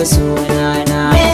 amsa na.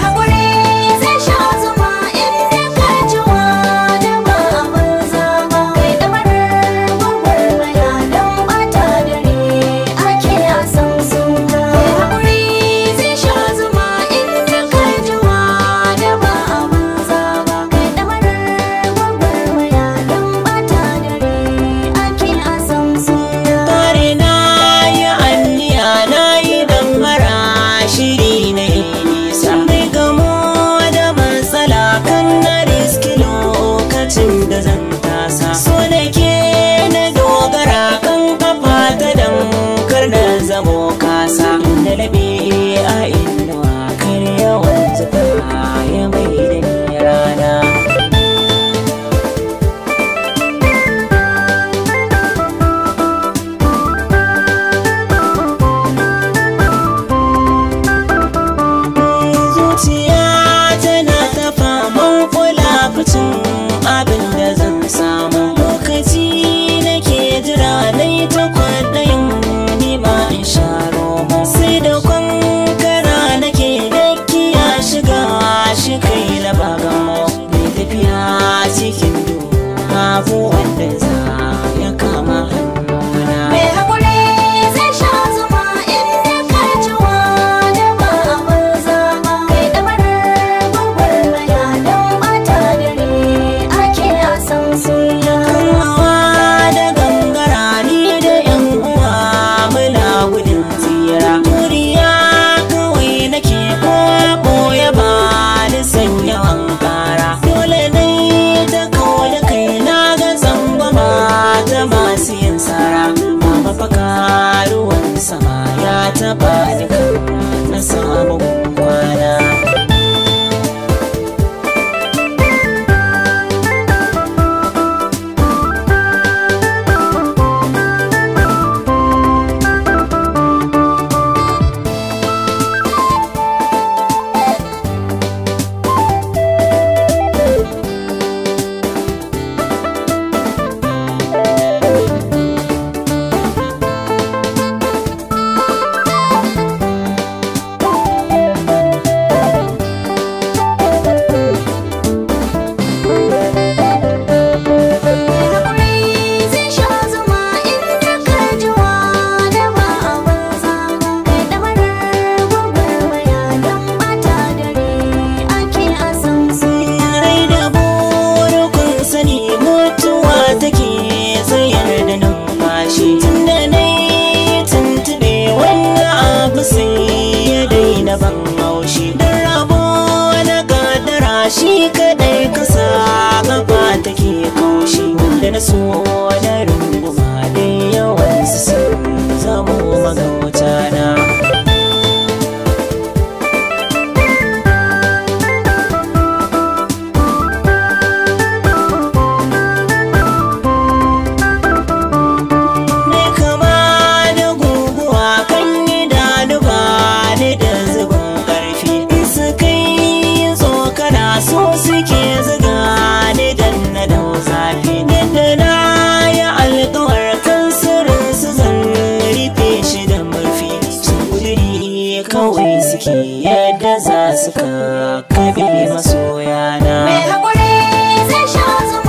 走。shi kaɗai kasa gaba take kaushi da na so yadda za su ka kabe masoyana. Mai haƙuri zai sha zuwa.